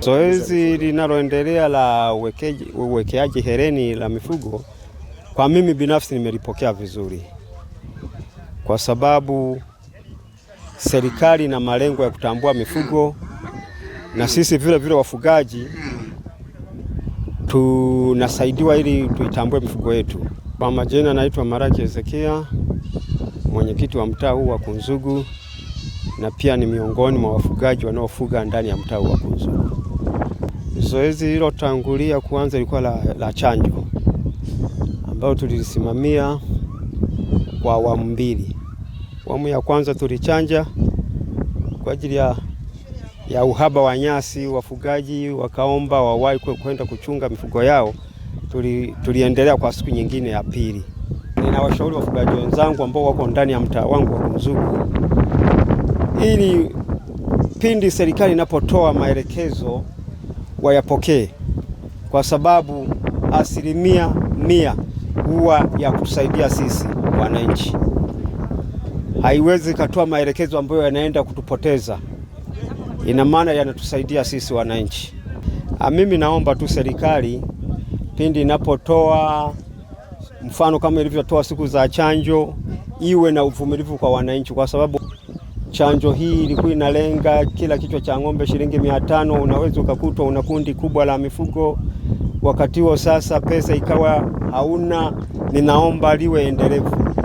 Zoezi linaloendelea la uwekeaji hereni la mifugo, kwa mimi binafsi nimelipokea vizuri, kwa sababu serikali ina malengo ya kutambua mifugo na sisi vile vile wafugaji tunasaidiwa ili tuitambue mifugo yetu. Kwa majina, naitwa Maraki Hezekia, mwenyekiti wa mtaa huu wa Kunzugu na pia ni miongoni mwa wafugaji wanaofuga ndani ya mtaa wa Kunza. Zoezi lilotangulia kuanza ilikuwa la, la chanjo ambayo tulisimamia kwa awamu mbili. Awamu ya kwanza tulichanja kwa ajili ya, ya uhaba wa nyasi, wafugaji wakaomba wawahi kwenda kuchunga mifugo yao. Tuli, tuliendelea kwa siku nyingine ya pili. Ninawashauri wafugaji wenzangu ambao wako ndani ya mtaa wangu wa Kunzugu ili pindi serikali inapotoa maelekezo wayapokee, kwa sababu asilimia mia huwa ya kutusaidia sisi wananchi. Haiwezi katoa maelekezo ambayo yanaenda kutupoteza, ina maana yanatusaidia sisi wananchi. Ah, mimi naomba tu serikali pindi inapotoa mfano kama ilivyotoa siku za chanjo, iwe na uvumilivu kwa wananchi, kwa sababu Chanjo hii ilikuwa inalenga kila kichwa cha ng'ombe shilingi mia tano. Unaweza ukakutwa una kundi kubwa la mifugo, wakati huo sasa pesa ikawa hauna. Ninaomba liwe endelevu.